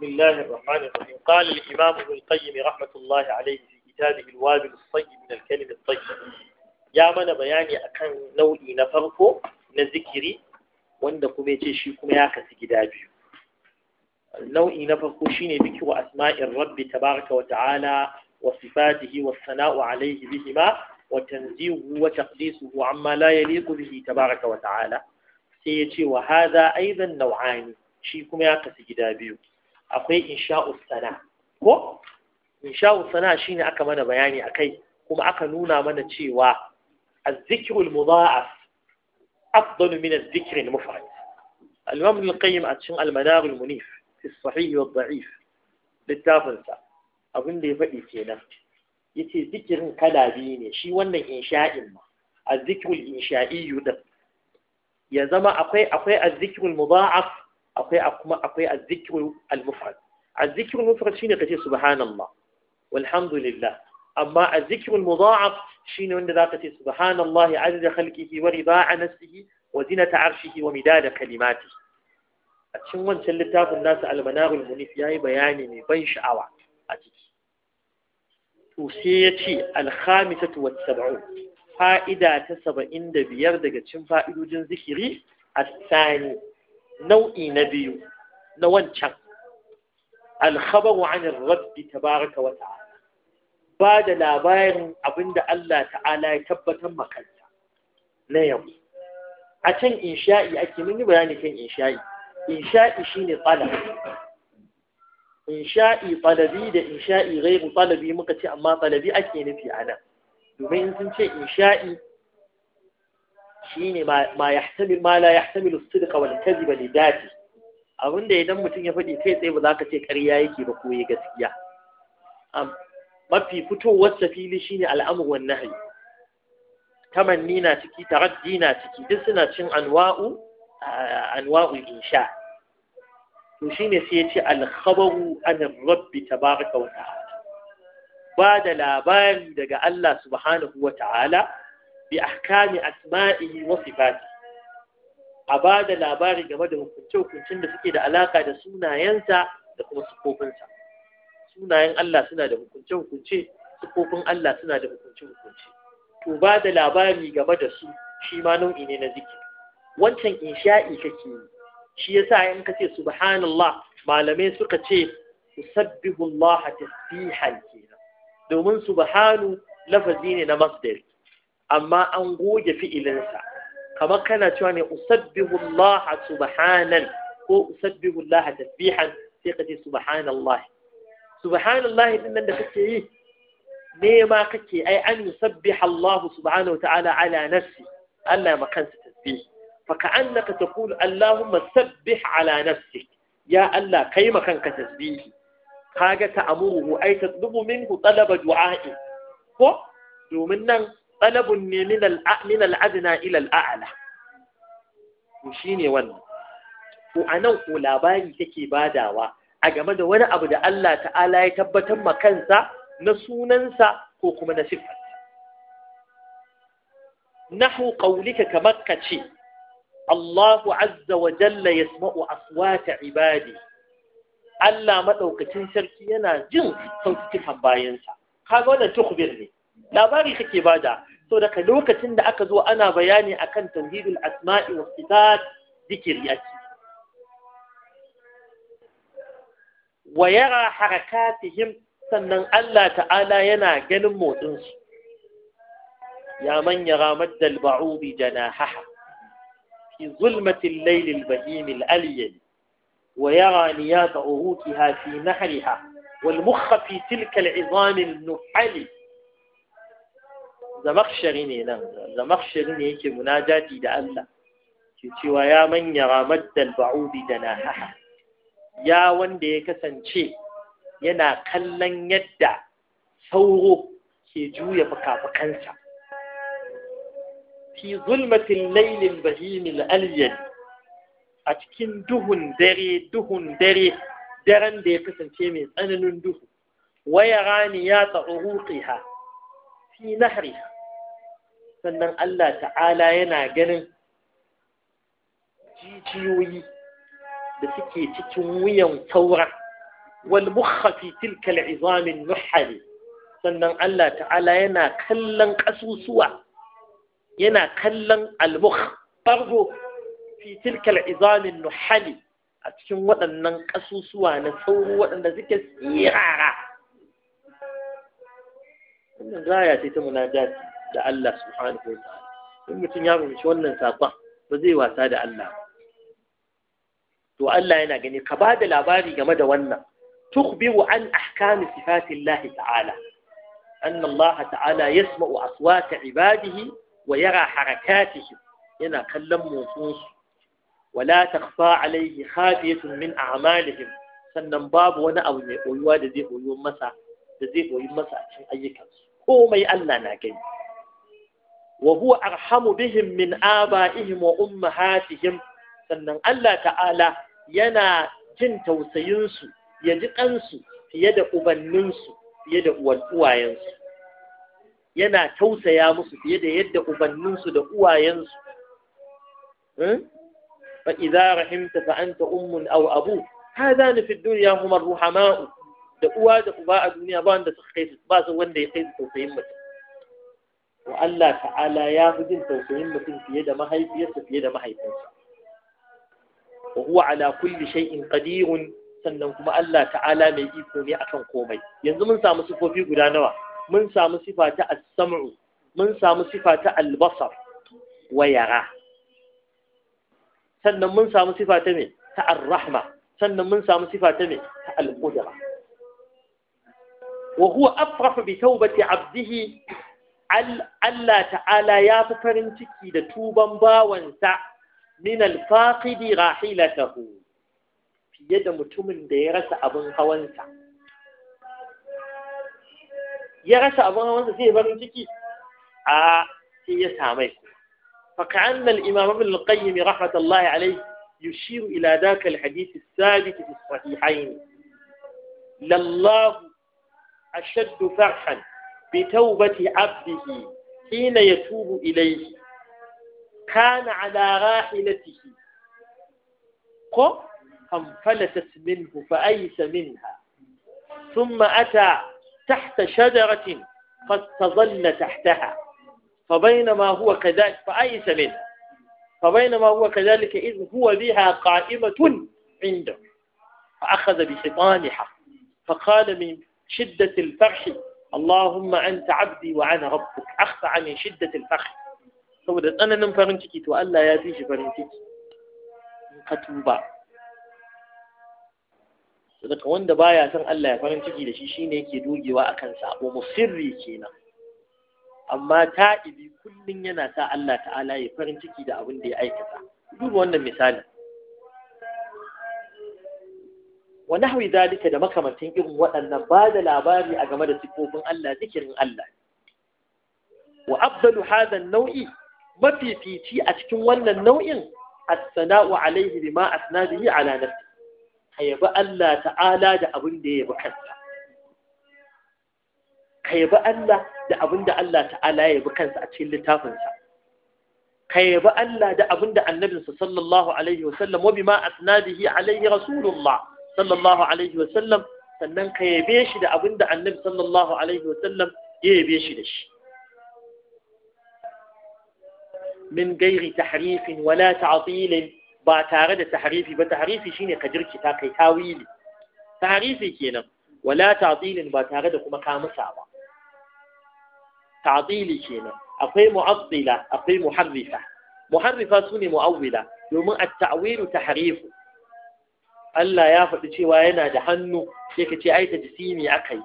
بسم الله الرحمن الرحيم قال الإمام ابن القيم رحمة الله عليه في كتابه الوابل الصيب من الكلم الطيب يا من بياني أكن نوعي نفرقه نذكري wanda kuma yace shi kuma ya gida biyu nau'i na farko shine zikru asma'ir rabbi tabaraka wa ta'ala wa sifatihi wa sana'u alayhi bihima wa tanzihu wa taqdisuhu amma la yaliqu bihi tabaraka wa ta'ala sai yace wa hadha aidan nau'ani shi kuma ya kasi gida biyu akwai insha'u sana ko insha'u sana shine aka mana bayani a kai kuma aka nuna mana cewa a zikrul muza'af afdalu min zikirin zikr al-mufrad al qayyim a cikin al-manar al-munif fi sahih wa daif littafin sa abin da ya faɗi kenan yace zikirin kala biyu ne shi wannan insha'in ma az-zikrul insha'iyyu da ya zama akwai akwai az-zikrul mudha'af akwai kuma akwai azzikru al-mufrad azzikru al-mufrad shine kace subhanallah walhamdulillah amma azzikru al-mudha'af shine wanda zaka ce subhanallahi adada khalqihi wa rida'a nafsihi wa zinata arshihi wa midada kalimatihi a cikin wancan littafin nasu almanarul munif yayi bayani mai ban sha'awa a ciki to sai ya ce alhamisatu wa sab'un fa'ida ta saba'in da biyar daga cikin fa'idojin zikiri a sani nau'i na biyu na wancan alkhabaru anir rabbi tabaraka wa ta'ala ba da labarin abinda Allah ta'ala ya tabbatar makanta na yau a can insha'i ake mun yi bayani kan insha'i insha'i shine talab insha'i talabi da insha'i ghairu talabi muka ce amma talabi ake nufi a nan domin sun ce insha'i shine ma yahtami ma la yahtamilu as-sidqa wal kadhiba li dati abinda idan mutum ya faɗi kai tsaye ba za ka ce ƙarya yake ba ko yi gaskiya mafi fitowar fili shine al'amur wan nahyi tamanni na ciki taraddi na ciki duk suna cin anwa'u ah, anwa'u insha to shine sai ya ce al-khabaru an rabbi tabaraka wa ta'ala ba da labari daga Allah subhanahu wa ta'ala bi ahkami asma'ihi wa sifati a ba labari game da hukunce-hukuncen da suke da alaka da sunayensa da kuma sukofinsa sunayen Allah suna da hukunce-hukunce sukofin Allah suna da hukunce-hukunce to ba da labari game da su shi ma nau'i ne na zikiri wancan insha'i kake yi shi yasa in ka ce subhanallah malamai suka ce usabbihu Allah tasbihan kenan domin subhanu lafazi ne na masdar amma an goge fi'ilinsa Kama kana cewa ne usabbihu Allah subhanan ko usabbihu Allah tasbihan sai ka ce subhanallah subhanallah din nan da kake yi ne ma kake ai an yusabbiha Allah subhanahu ta'ala ala nafsi Allah ma kansa tasbih fa ka'annaka taqulu Allahumma sabbih ala nafsik ya Allah kai ma kanka tasbihi kaga ta'amuruhu ai tatlubu minhu talaba du'a'i ko domin nan talabun ne min al'adina ila al'a'ala shi ne wannan ko nan ko labari take badawa a game da wani abu da Allah ta'ala ya tabbatar ma kansa na sunansa ko kuma na siffar nahu qaulika kamar ka ce Allahu azza wa jalla yasma'u aswata ibadi Allah Maɗaukacin sarki yana jin sautukan bayansa kaga wannan tukbir ne labari kake bada so daga lokacin da aka zo ana bayani akan tauhidul asma'i wa sifat zikiri yake wa yara harakatihim sannan Allah ta'ala yana ganin motsin su ya man yara maddal ba'udi janahaha fi zulmatil laylil bahimil aliyyi ويرى نياب عروقها في نحرها والمخ في تلك العظام النحل zamakshari ne nan zamakshari ne yake munajati da Allah ke cewa ya manya ramaddal ba'udi da na ya wanda ya kasance yana kallon yadda sauro ke juya fuka-fukansa fi zulmatin lailin bahimil aliyar a cikin duhun dare duhun dare daren da ya kasance mai tsananin duhu waya rani ya tsaro ruƙiha fi nahriha sannan Allah ta'ala yana ganin jijiyoyi da suke cikin wuyan taura wal mukha fi tilka al'izamin nuhali sannan Allah ta'ala yana kallon ƙasusuwa yana kallon al-mukh fi tilka izamin nuhari a cikin waɗannan ƙasusuwa na sauro waɗanda suke tsirara wannan gaya ce ta munajati da Allah subhanahu wa ta'ala in mutum ya fahimci wannan saƙon ba zai wasa da Allah to Allah yana gani ka ba da labari game da wannan tukhbiru an ahkami sifatillahi ta'ala أن ta'ala yasma'u aswata ibadihi عباده ويرى حركاتهم هنا كلم موصوص ولا تخفى عليه خافية من أعمالهم sannan babu wani abu mai koyuwa da zai koyo masa da zai koyi masa a cikin ayyukansu komai Allah na gani wa huwa arhamu bihim min aba'ihim wa ummahatihim sannan Allah ta'ala yana jin tausayin su ya ji kansu fiye da ubannin su fiye da uwayen su yana tausaya musu fiye da yadda ubannin su da uwayen su hmm? fa rahimta fa anta ummun aw abu hadan fi dunya huma ruhama'u da uwa da uba a duniya ba wanda suka kai su ba su wanda ya kai su tausayin mutum to Allah ta'ala ya fi jin tausayin mutum fiye da mahaifiyarsa fiye da mahaifinsa wa huwa ala kulli shay'in qadirun sannan kuma Allah ta'ala mai iko ne akan komai yanzu mun samu sifofi guda nawa mun samu sifa ta as-sam'u mun samu sifa ta al-basar wa yara sannan mun samu sifa ta me ta ar-rahma sannan mun samu sifa ta me ta al-qudra wa huwa afrahu bi tawbati 'abdihi Allah ta'ala ya fi farin ciki da tuban bawansa min alfaqidi rahilatahu fiye da mutumin da ya rasa abin hawansa ya rasa abin hawansa sai farin ciki a sai ya samai fa ka'anna al-imam ibn al-qayyim rahmatullahi yushiru ila dhaka al-hadith as fi as lallahu ashaddu farhan بتوبة عبده حين يتوب إليه كان على راحلته قم فانفلتت منه فأيس منها ثم أتى تحت شجرة فاستظل تحتها فبينما هو كذلك فأيس منها فبينما هو كذلك إذ هو بها قائمة عنده فأخذ بحيطانها فقال من شدة الفرح Allahumma anta abdi wa ana rabbuk akhfa min shiddati al tsananin farin ciki to Allah ya fi farin ciki in ka tuba wanda baya son Allah ya farin ciki da shi shine yake dogewa akan sabo musirri kenan amma ta'ibi kullum yana sa Allah ta'ala ya farin ciki da abin da ya aikata duba wannan misali Wani nahwi zalika da makamantin irin waɗannan ba da labari a game da sifofin Allah zikirin Allah wa afdalu hadha nau'i mafifici a cikin wannan nau'in A sanau alayhi a asna bihi ala nafsi kayabi Allah ta'ala da abin da yabi kansa kayabi Allah da abin da Allah ta'ala ya yabi kansa a cikin littafinsa kayabi Allah da abin da annabinsa sallallahu alaihi sallam. wa bima asna bihi alaihi rasulullah sallallahu alaihi wa sallam sannan ka yabe shi da abin da annabi sallallahu alaihi wa sallam ya yabe shi da shi min gairi tahrifin wala ta'tilin ba tare da tahrifi ba tahrifi shine ka jirkita kai tawili tahrifi kenan wala ta'tilin ba tare da kuma kamusa ba ta'tili kenan akwai mu'attila akwai muharrifa muharrifa sune mu'awwila domin at-ta'wilu tahrifu Allah ya faɗi cewa yana da hannu sai ka ce ai ta ne aka yi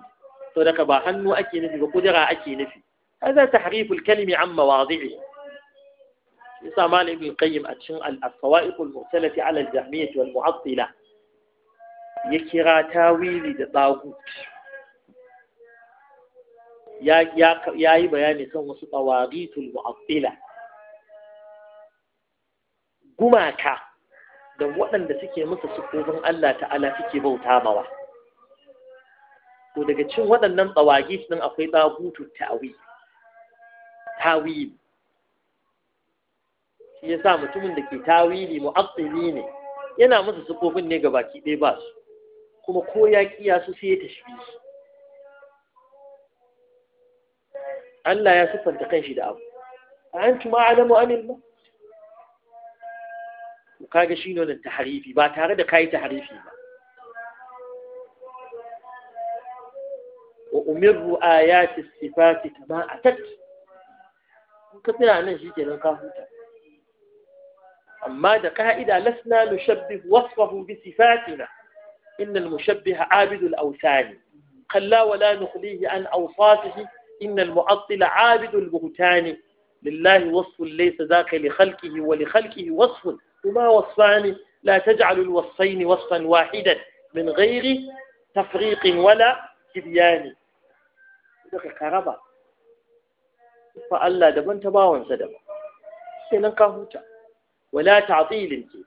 to daga ba hannu ake nufi ba kudura ake nufi hadha tahriful kalimi an mawadhi'i yasa Malik ibn qayyim a cikin al-aswa'iq al-mu'talati ala al-jahmiyyah wal mu'attila ya kira tawili da tsagut ya yi bayani kan wasu tsawaritul mu'attila gumaka da waɗanda suke musu sukobin Allah ta'ala suke bauta mawa to daga cin waɗannan tsawagi din akwai tsagutu tawi tawi. shi sa mutumin da ke tawili mu'aqqili ne yana musu sukobin ne gabaki ɗaya ba su kuma ko ya ƙiya su sai ya su. Allah ya siffanta shi da abu a antum a'lamu anil ba وكاغا شينو للتحريفي با تاغدا كاي تحريفي وأمر آيات الصفات كما أتت كثير عن جيجي للقاهوتا أما دقها إذا لسنا نشبه وصفه بصفاتنا إن المشبه عابد الأوثان قل لا ولا نخليه عن أوصافه إن المعطل عابد البهتان lillahi wasfun laysa zaka li wa li khalqihi kuma wasfani la taj'alu al-wasfayn wasfan wahidan min gairi tafriqin wala tibyani daga karaba fa Allah daban ta bawansa daban sai nan ka huta wala ta'tilin ke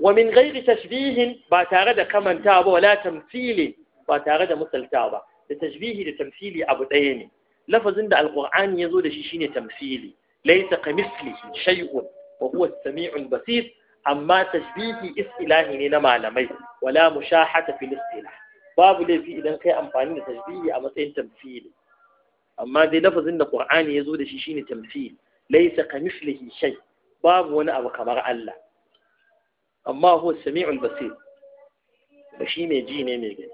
wa min ghairi tashbihin ba tare da kamanta ba wala tamthili ba tare da misalta da tashbihi da abu ɗaya ne lafazin da alqur'ani ya zo da shi shine tamsili laysa kamislihi shay'un wa huwa as-sami'ul basir amma tashbihi istilahi ne na malamai wala mushahata fil istilah babu laifi idan kai amfani da tashbihi a matsayin tamsili amma dai lafazin da qur'ani ya zo da shi shine tamsili laysa kamislihi shay babu wani abu kamar Allah amma huwa as-sami'ul basir ba shi mai ji ne mai gani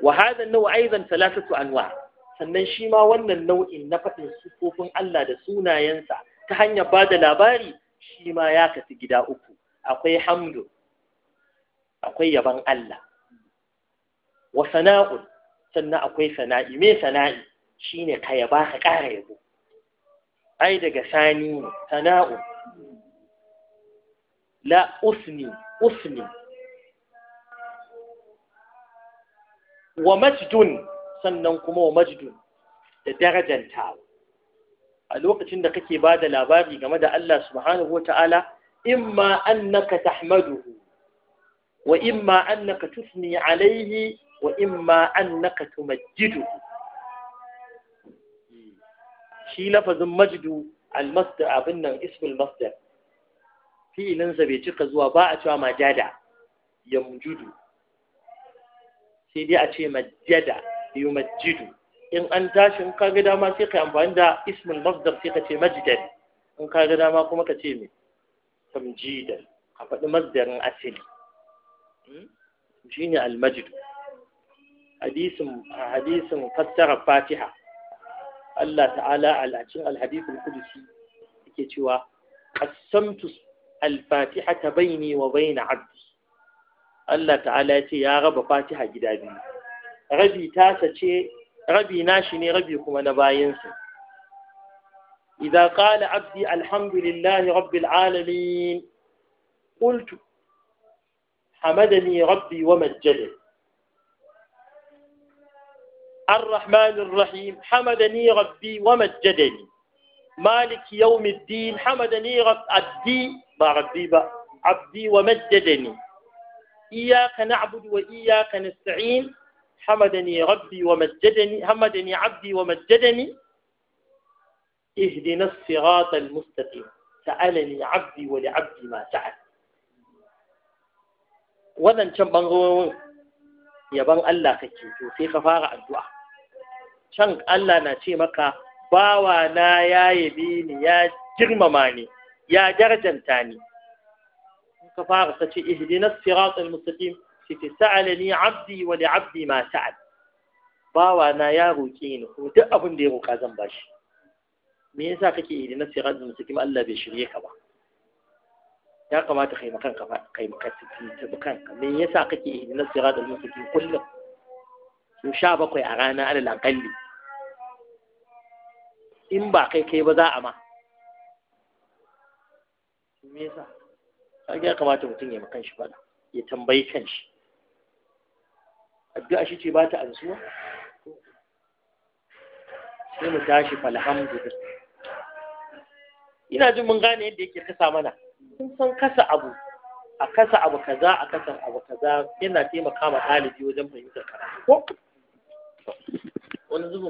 وهذا النوع أيضا ثلاثة أنواع sannan shi ma wannan nau'in na faɗin sufofin Allah da sunayensa ta hanyar ba da labari shi ma ya kasu gida uku akwai hamdu akwai yaban Allah wa sana'un sannan akwai sana'i me sana'i Shi ne ka yaba ka ƙara yabo ai daga sani sana'u la usni usni wa majdun sannan kuma wa majdun da darajantawa a lokacin da kake ba da labari game da Allah subhanahu wa ta'ala ma annaka tahmaduhu wa ma annaka tusni alaihi wa ma annaka tumajjiduhu shi lafazin majdu almasdar abin nan ismul masdar fi'ilinsa bai cika zuwa ba a cewa majada ya mujudu sai dai a ce majada yumajjidu in an tashi in kaga dama sai kai amfani da ismul masdar sai ka ce majdan in kaga dama kuma ka ce me tamjidan ka faɗi masdarin asali hmm? shine al majid hadisin hadisin fassara fatiha Allah ta'ala al'acin al-hadithul qudsi yake cewa qassamtu al-fatihata baini wa baina 'abdi Allah ta'ala ya ce ya raba fatiha gida biyu rabi tasa ce rabi nashi ne rabi kuma na bayansa إذا قال عبدي الحمد لله رب العالمين قلت حمدني ربي ومجده الرحمن الرحيم حمدني ربي ومجدني مالك يوم الدين حمدني رب عبدي بربي عبدي ومجدني إياك نعبد وإياك نستعين حمدني ربي ومجدني حمدني عبدي ومجدني اهدنا الصراط المستقيم سألني عبدي ولعبدي ما سأل waɗancan ɓangarorin yaban Allah kake to sai ka fara addu'a can Allah na ce maka bawa na ya yabe ni ya girmama ni ya darjanta ni ka fara ka ce ihdinas siratal mustaqim ce sa'alani abdi wa li abdi ma sa'al bawa na ya roke ni ko duk abin da ya roƙa zan ba shi. me yasa kake yi na idina siratul mustaqim Allah bai shirye ka ba ya kamata kai makan ka kai makan ta bukan kanka. me yasa kake yi na idina siratul mustaqim kullum su sha bakwai a rana alal akalli in ba kai kai ba za a ma me yasa ya kamata mutum ya makan shi fada ya tambayi kan shi addu'a shi ce ba ta ansuwa sai mu tashi falhamdulillah ina jin mun gane yadda yake kasa mana kun san kasa abu a kasa abu kaza a kasa abu kaza yana taimaka ma ɗalibi wajen fahimtar karatu ko wani zubin